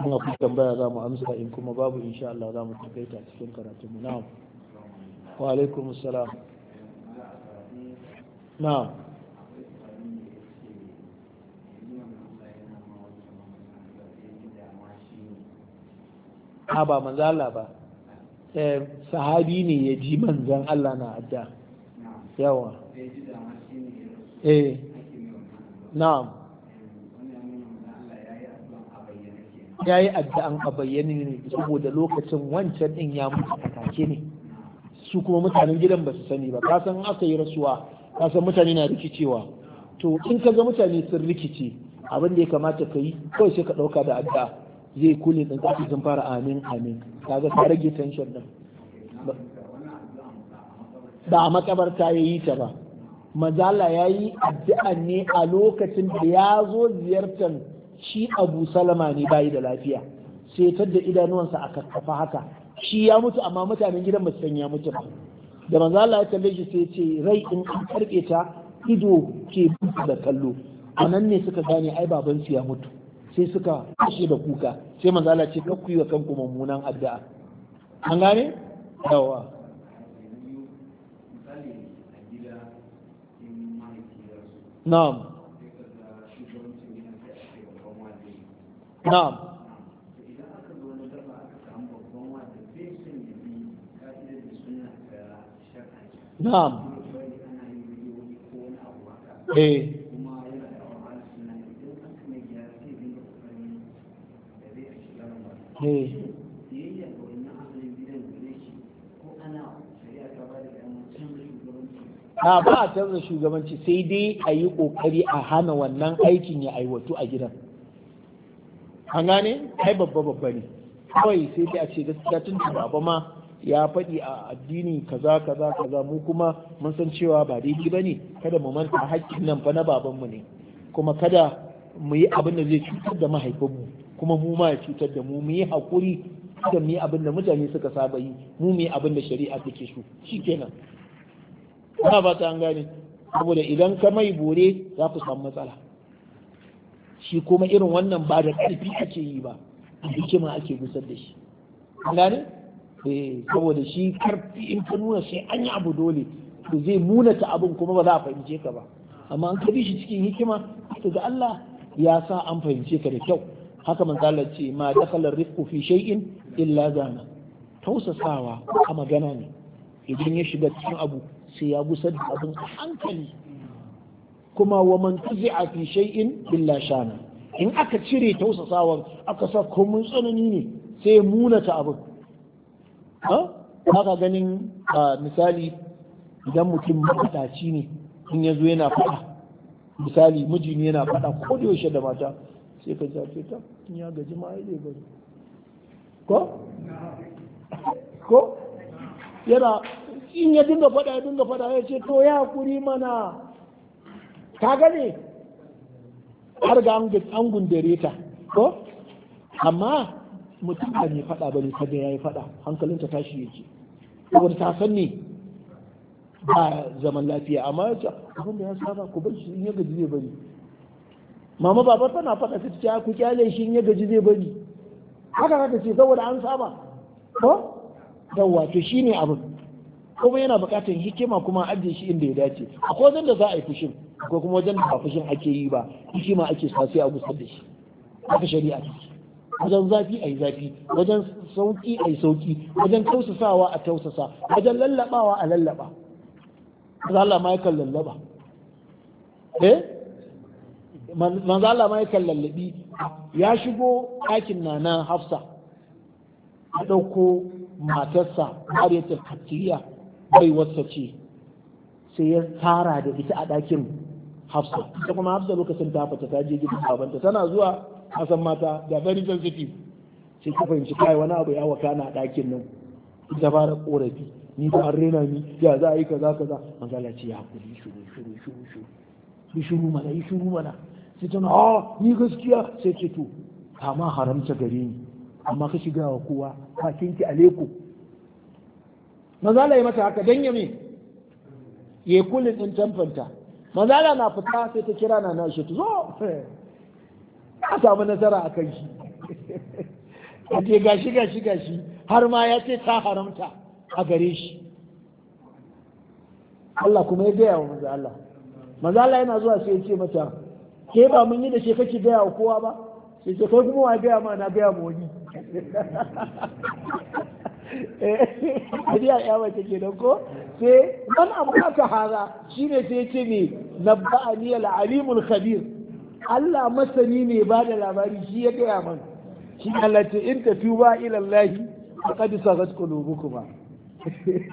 kuma tambaya za mu amsa in kuma babu insha Allah za mu takaita cikin karatun mu na'am wa alaikum salam na'am ha ba manzo Allah ba eh, sahabi ne ya ji manzon Allah na adda yawa eh ya yi addu'an a bayyane ne saboda lokacin wancan din ya mutu take ne su kuma mutanen gidan ba su sani ba ka san aka yi rasuwa ka san mutane na rikicewa to in ka ga mutane sun rikice abin da ya kamata ka yi kawai sai ka ɗauka da adda zai kule ɗin kafin sun fara amin amin kaga ta rage tension ɗin ba a makabarta ya yi ta ba mazala ya yi addu'a ne a lokacin da ya zo ziyartar shi abu salama ne bayi da lafiya sai ta da idanuwansa a kakkafa haka shi ya mutu amma mutanen gidan ba sanya ya mutu ba da mazala ya kalle shi sai ce rai in an karɓe ta ido ke da kallo a nan ne suka gane ai babansu ya mutu sai suka kashe da kuka sai manzo Allah ce kakku wa kanku mummunan addu'a an gane yawa na'am na'am na'am eh Eh. a ba a canza shugabanci sai dai a yi kokari a hana wannan aikin ya aiwatu a gidan an gane ai babba babba ne kawai sai dai a ce gaskiya tun baba ma ya faɗi a addini kaza kaza kaza mu kuma mun san cewa ba daidai ba ne kada mu manta hakkin nan fa na babanmu ne kuma kada mu yi abin da zai cutar da mahaifinmu kuma mu ma cutar da mu mu yi haƙuri da mu yi abin da mutane suka saba yi mu mu yi abin da shari'a take so shikenan ana ba ta an gane saboda idan ka mai bore za ku samu matsala shi kuma irin wannan ba da ƙarfi ake yi ba a hikima ake gusar da shi an gane eh, saboda shi karfi in ka nuna sai an yi abu dole to zai munata abin kuma ba za a fahimce ka ba amma an ka bi shi cikin hikima ka ga Allah ya sa an fahimce ka da kyau haka manzo ce ma dakalar rifqu fi shay'in illa zana tausasawa a magana ne idan ya shiga cikin abu sai ya gusar da abin a hankali kuma wa man tuzi'a fi shay'in illa shana in aka cire tausasawa aka sa komai tsanani ne sai ya munata abin haka ganin misali idan mutum mataci ne in ya zo yana faɗa misali miji ne yana faɗa ko da yaushe da mata sai ka jafe ta ya gaji ma ya bari ko ko yana in ya dinga fada ya dinga fada ya ce to ya kuri mana ka gane har ga an gundare ta ko amma mutum ba mai fada bane ya yi fada hankalinta tashi yake saboda ta san ne ba zaman lafiya amma ya ce abin da ya saba ku bar shi in ya gaji zai bari mama babar tana faɗa ta ce ku kyale shi in ya gaji zai bari haka haka ce saboda an saba ko yawwa to ne abin kuma yana buƙatar hikima kuma ajiye shi inda ya dace ko wajen da za a yi fushin ko kuma wajen da ba fushin ake yi ba hikima ake sa sai a gusar da shi haka shari'a ta wajen zafi a yi zafi wajen sauki a yi sauki wajen tausasawa a tausasa wajen lallabawa a lallaba Allah ma yakan lallaba eh manzo Allah ma yakan lallabi ya shigo ɗakin nana Hafsa ya ɗauko matarsa Mariyatul Qibtiyya bai wata ce sai ya tara da ita a dakin Hafsa ita kuma Hafsa lokacin ta fita ta je gidan babanta tana zuwa kasan mata da very sensitive sai ta fahimci kai wani abu ya waka na dakin nan ita fara korafi ni ba an rena ni ya za a yi kaza kaza manzo Allah ce ya hakuri shuru shuru shuru shuru shuru mana yi shuru mana sai ta ah, ni gaskiya sai ce to kama haramta gare ni amma ka shiga wa kowa ki aleku mazala ya mata haka dan ya me ya kullun din tamfanta mazala na fita sai ta kira na nashi to zo samu nasara a kan shi kaje *laughs* gashi gashi gashi har ma ya ce ta haramta a gare shi Allah kuma ya gaya wa manzo Allah manzo Allah yana zuwa sai ya ce mata ke ba mun yi da shi kake gaya wa kowa ba sai ce kai kuma wa gaya ma na gaya ma wani Ariya *laughs* eh, ya take don ko sai man abu aka hara shi ne sai ce ne na ba'ani al'alimul khabir Allah masani ne ba da labari shi ya gaya man shi Allah ce in tafi ba ilallahi a kadi sagat kulubu *laughs*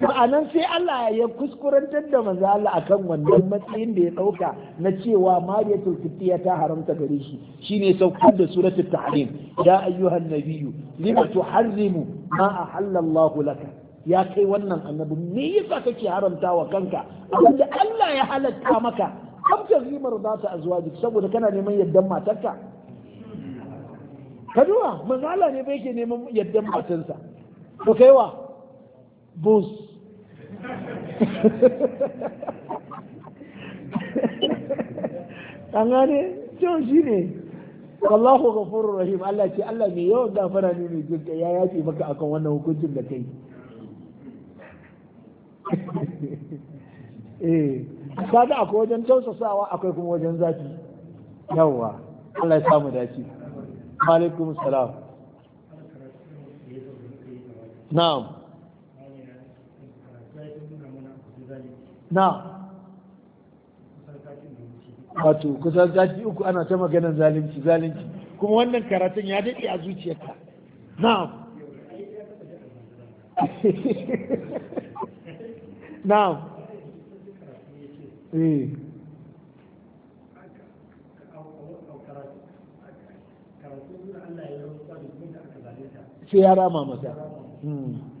ma'anan sai Allah ya kuskurantar da manzo Allah akan wannan matsayin da ya dauka na cewa mariyatul fitiya ta haramta gare shi shine saukar da suratul tahrim ya ayyuhan nabiyyu lima tuharrimu ma ahalla Allah laka ya kai wannan annabi me yasa kake haramta wa kanka abinda Allah ya halatta maka kamta zimar za ta azwaji saboda kana neman yaddan matarka kaduwa manzo Allah ne bai ke neman yaddan matarsa to kaiwa bus an gane kyau shi ne wallahu ghafurur rahim Allah ce Allah mai yawan gafara ne mai jinka ya yafe maka akan wannan hukuncin da kai *laughs* eh kaga akwai wajen tausasawa akwai kuma wajen zafi yawwa Allah ya samu dace alaikum salam na'am na wato kusan sati uku ana ta maganar zalunci zalunci kuma wannan karatun ya daɗe a zuciyarka na *laughs* na. Eh. ya rama masa hmm.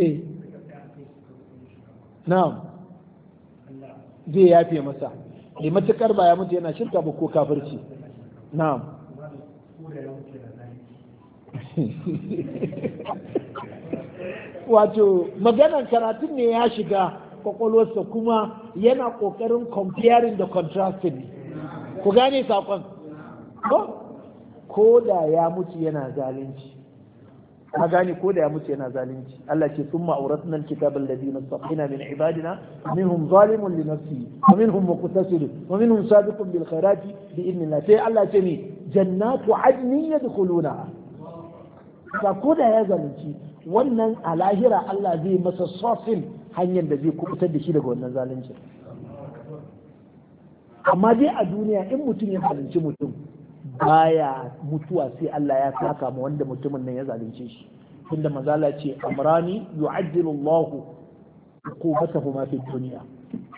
Eh. zai yafe masa mai matukar ba ya mutu yana shirka ba ko kafirci na'am wato maganar karatun ne ya shiga kwakwalwarsa kuma yana kokarin comparing da contrasting ku gane sakon ko da ya mutu yana zalunci ka gane ko da ya mutu yana zalunci Allah ce summa awratna alkitaba alladhina na min ibadina minhum zalimun li nafsi wa minhum muqtasid wa minhum sabiqun bil khairati bi idnillah sai Allah ce ni jannatu adni yadkhuluna ka ko da ya zalunci wannan a lahira Allah zai masa sosin hanyar da zai kubutar da shi daga wannan zalunci amma dai a duniya in mutum ya zalunci mutum baya mutuwa sai Allah ya saka ma wanda mutumin nan ya zalunce shi tunda mazala ce amrani yu'ajjilu Allah uqubatahuma fi dunya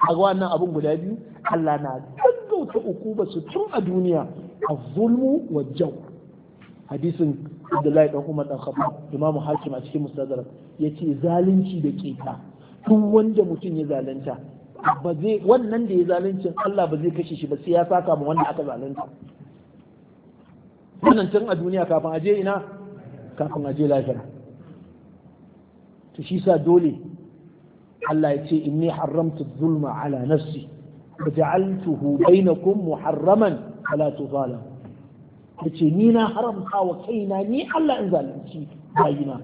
kaga wannan abun guda biyu Allah na gaggauta ukuba su tun a duniya az-zulmu wa jaw hadisin Abdullahi dan Umar dan Khattab Imam Hakim a cikin Mustadrak yace zalunci da kika tun wanda mutum ya zalunta ba zai wannan da ya zalunci Allah ba zai kashe shi ba sai ya saka ma wanda aka zalunta wannan tun a duniya kafin aje ina kafin aje lahira to shi sa dole Allah ya ce inni haramtu zulma ala nafsi wa ja'altuhu bainakum muharraman ala tuzalam yace ni na haramta wa kaina ni Allah in zalunci bayina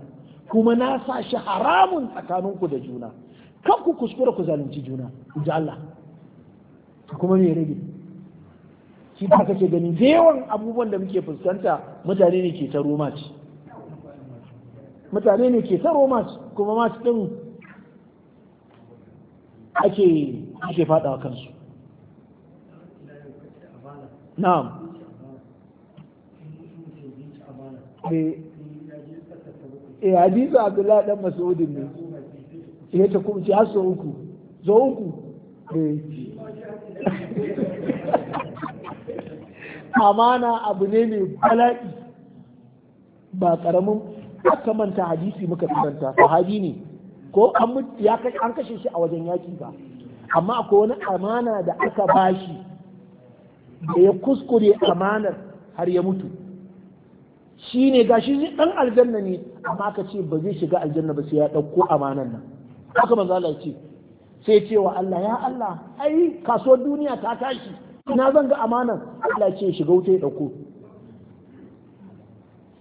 kuma na sa shi haramun tsakaninku da juna kan ku kuskura ku zalunci juna ji Allah kuma me rage shi ba kake gani da yawan abubuwan da muke fuskanta mutane ne ke ta roma ci mutane ne ke ta roma ci kuma ma din ake ake wa kansu na'am eh, eh hadisu abdullahi dan mas'udin ne ya ta kuma ci har uku zo uku eh amana abu ne mai bala'i ba karamin aka manta hadisi muka fi banta sahabi ne ko an kashe shi a wajen yaki ba amma akwai wani amana da aka bashi da ya kuskure amanar har ya mutu shi ne gashi dan aljanna ne amma aka ce ba zai shiga aljanna ba sai ya ɗauko amanar nan haka manzo Allah ya ce sai ce wa Allah ya Allah ai kasuwar duniya ta tashi ina zan ga amanan Allah ce shiga wuta ya dauko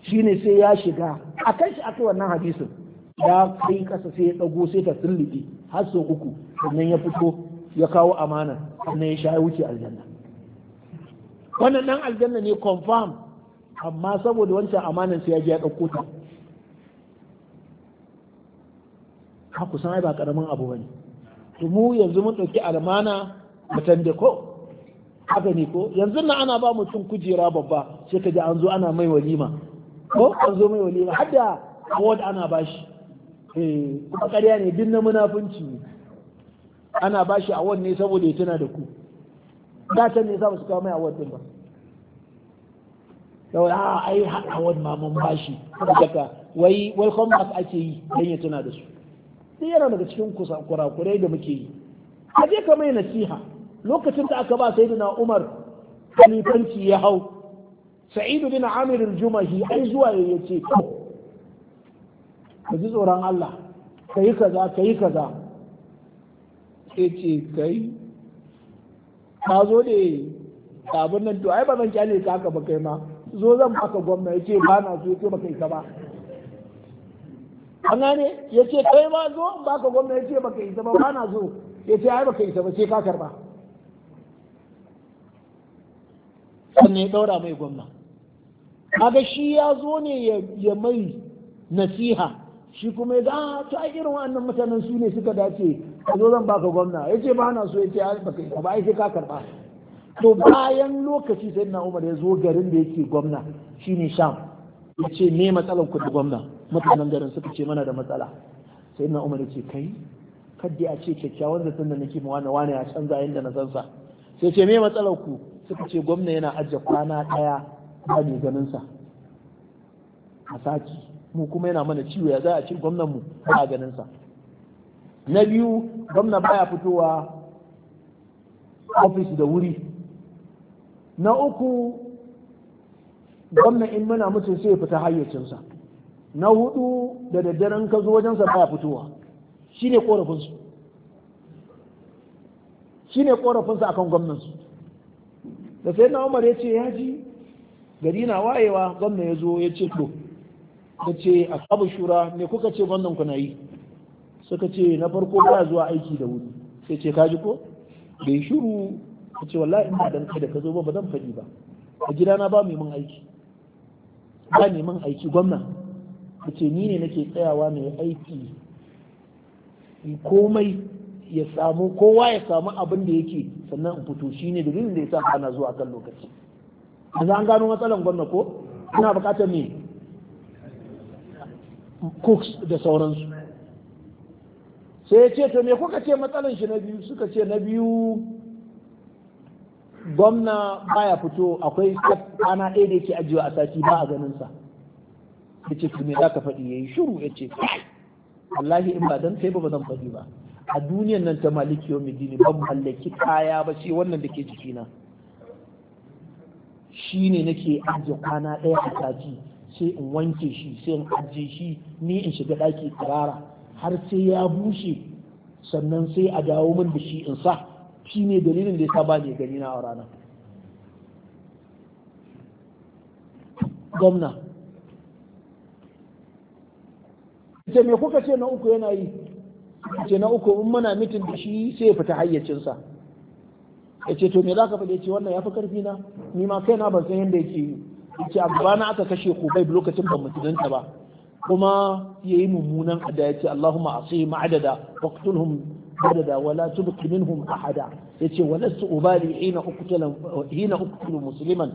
shine sai ya shiga akan shi aka wannan hadisin ya kai kasa sai ya dago sai ta sullubi har sau uku sannan ya fito ya kawo amana sannan ya sha wuce aljanna wannan dan aljanna ne confirm amma saboda wancan amanan sai ya je ya dauko ta ka kusan ai ba karamin abu bane to mu yanzu mun ɗauki almana mutan da ko haka ne ko yanzu na ana ba mutum kujera babba sai ka ji an zo ana mai walima ko an zo mai walima har da award ana bashi eh kuma ƙarya ne duk na munafunci ne ana bashi award ne saboda ya tuna da ku da can ne za su kawo mai award din ba yau a ah, ai award ma mun bashi daga wai welcome back ake yi dan ya tuna da su sai yana daga cikin kurakurai da muke yi a je ka mai nasiha lokacin da aka ba sayyidina Umar khalifanci ya hau Sa'idu bin Amir al-Jumahi ai zuwa ya ce ka ji tsoron Allah kai kaza kai kaza sai ce kai ka zo ne abin nan to ai ba zan kyale ka haka ba kai ma zo zan baka gwamna yace ba na so ce baka yi ka ba an gane yace kai ma zo in baka gwamna yace ba kai ka ba ba na so yace ai ba kai ka ba sai ka karba sannan ya ɗaura mai gwamna kaga shi ya zo ne ya mai nasiha shi kuma ya ga ah, to ai irin wannan mutanen su ne suka dace ka zo zan baka gwamna ya ce ba na so ya ce ba ai sai ka karba to bayan lokaci sai na umar ya zo garin da yake gwamna shi ne sham ya ce me matsalar ku da gwamna mutanen garin suka ce mana da matsala sai na umar ya ce kai kaddi a ce kyakkyawan zaton da nake ma wani wani a canza yadda na san sa sai ce me matsalar ku suka ce gwamna yana ajiye kwana ɗaya a mai ganin sa a saki mu kuma yana mana ciwo ya za a ce gwamnan mu ba ganin sa na biyu gwamna baya fitowa ofis da wuri na uku gwamna in muna mutum sai fita hayyacinsa na hudu da daddaren ka zo wajensa baya fitowa shi ne korafinsu shi ne korafinsu akan gwamnansu da sai na umar ya ce ya ji gari na wayewa gwamna ya zo ya ce to da ce a kabu shura me kuka ce gwamnan ku na yi suka ce na farko ba zuwa aiki da wuri sai ce kaji ko bai shiru ka ce wallahi ina dan kai da ka zo ba ba zan faɗi ba a gidana ba mai mun aiki ba mai mun aiki gwamna ka ce ni ne nake tsayawa mai aiki komai ya samu kowa ya samu abin da yake sannan in fito shi ne dalilin da ya sa ana zuwa kan lokaci yanzu an gano matsalan gwamna ko ina bukatar me cooks da sauransu sai ya ce to me kuka ce matsalan shi na biyu suka ce na biyu gwamna baya fito akwai ana ɗaya da yake ajiyewa a sati ba a ganin sa ya ce to me za ka faɗi ya yi shuru ya ce wallahi in ba don sai ba ba zan faɗi ba a duniyan nan ta maliki mai dini ban mallaki kaya ba sai wannan da ke jikina shi ne nake ajiye kwana ɗaya a sati sai in wanke shi sai in ajiye shi ni in shiga ɗaki tsirara har sai ya bushe sannan sai a dawo min da shi in sa shi ne dalilin da ya sa ba ne gani na a rana gwamna ce me kuka ce na uku yana yi ce na uku in muna mitin da shi sai ya fita hayyacinsa ya ce to me za ka faɗi ce wannan ya fi ƙarfi na ni ma kaina ban san yadda yake yi ya ce a na aka kashe bai lokacin ban mutunanta ba kuma ya yi mummunan ada ya ce Allahumma asai ma'adada waqtulhum adada wala tubqi minhum ahada ya ce walastu ubali hina uqtala hina uqtalu musliman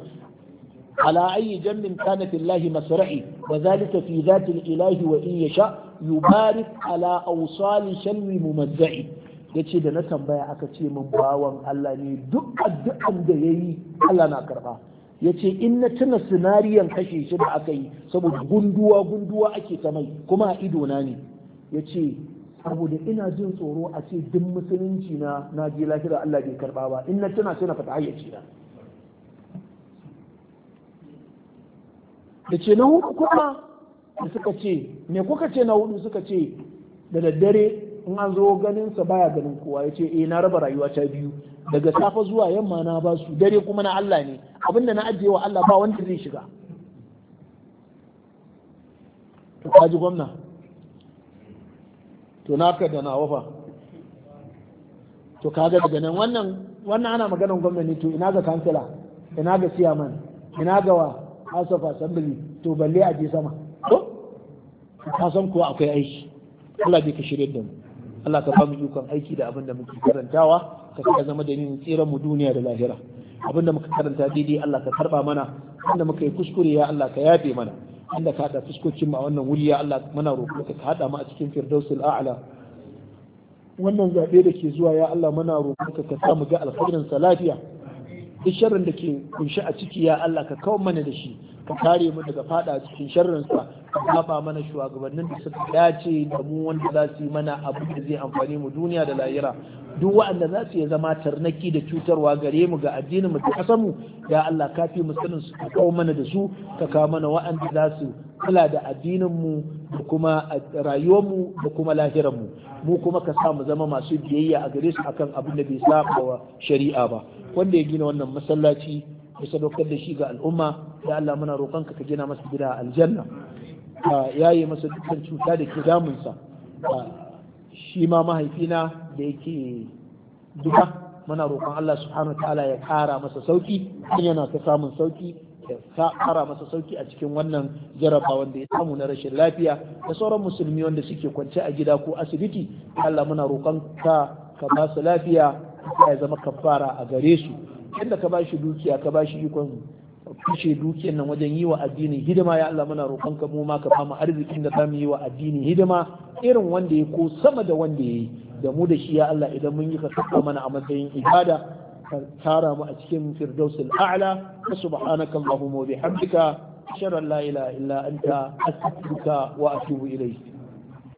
على أي جنب masra'i. في الله مسرعي وذلك في ذات الإله وإن يشاء yubarik ala awsali shalwi Ya yace da na tambaya aka ce min bawan Allah ne duk addu'an da yayi Allah na karba yace in na tuna sinariyan kashe shi da aka yi saboda gunduwa gunduwa ake ta mai kuma a ido na ne yace saboda ina jin tsoro a ce duk musulunci na na je lahira Allah bai karba ba in na tuna sai na fata hayyaci na da ce na hudu kuma da suka ce me kuka ce na hudu suka ce da daddare in an zo ganin sa baya ganin kowa ya ce eh na raba rayuwa ta biyu daga safa zuwa yamma na ba su dare kuma na Allah ne abinda na ajiye wa Allah ba wanda zai shiga to kaji gwamna to naka da nawa fa to kaga daga nan wannan wannan ana maganar gwamnati to ina ga kansila ina ga siyaman ina ga wa house of assembly to balle a je sama ka san kuwa akwai aiki Allah bai ka shirya da mu Allah ka ba mu aiki da abin da muke karantawa ka ka zama da yin tsiran mu duniya da lahira abin da muka karanta daidai Allah ka karba mana inda muka yi kuskure ya Allah ka yafe mana inda ka hada fuskokin mu a wannan wuri ya Allah muna roƙo ka hada mu a cikin firdausul a'la wannan zabe da ke zuwa ya Allah muna roƙo ka ka mu ga alkhairin salafiya lafiya duk sharrin da ke kunshi a ciki ya Allah ka kawo mana da shi ka kare mu daga fada cikin sharrin sa zaba mana shugabannin da suka dace da mu wanda za su yi mana abu da zai amfani mu duniya da lahira duk wa'anda za su iya zama tarnaki da cutarwa gare mu ga addinin mu da ƙasar mu ya Allah ka fi musulun su ka kawo mana da su ka kawo mana wanda za su kula da addinin mu da kuma rayuwar mu da kuma lahirar mu mu kuma ka sa mu zama masu biyayya a gare su akan abin da bai saba wa shari'a ba wanda ya gina wannan masallaci ya sadaukar da shi ga al'umma ya Allah muna roƙonka ka gina masa gida a aljanna yaye masa dukkan cuta da ke damunsa shi ma mahaifina da yake duka muna roƙon Allah subhanahu wa ta'ala ya ƙara masa sauki in yana ta samun sauki ya ƙara masa sauki a cikin wannan jarabawan da ya samu na rashin lafiya da sauran musulmi wanda suke kwance a gida ko asibiti Allah muna roƙon ka ka ba su lafiya ya zama kafara a gare su inda ka ba shi dukiya ka ba shi ikon kashe dukiyar nan wajen yi wa addinin hidima ya Allah muna roƙon ka mu ma ka bamu arzikin da zamu yi wa addinin hidima irin wanda ya ko sama da wanda ya yi da mu da shi ya Allah idan mun yi kasuwa mana a matsayin ibada ka tara mu a cikin firdausul a'la subhanaka allahumma wa bihamdika ashhadu an la ilaha illa anta astaghfiruka wa atubu ilayk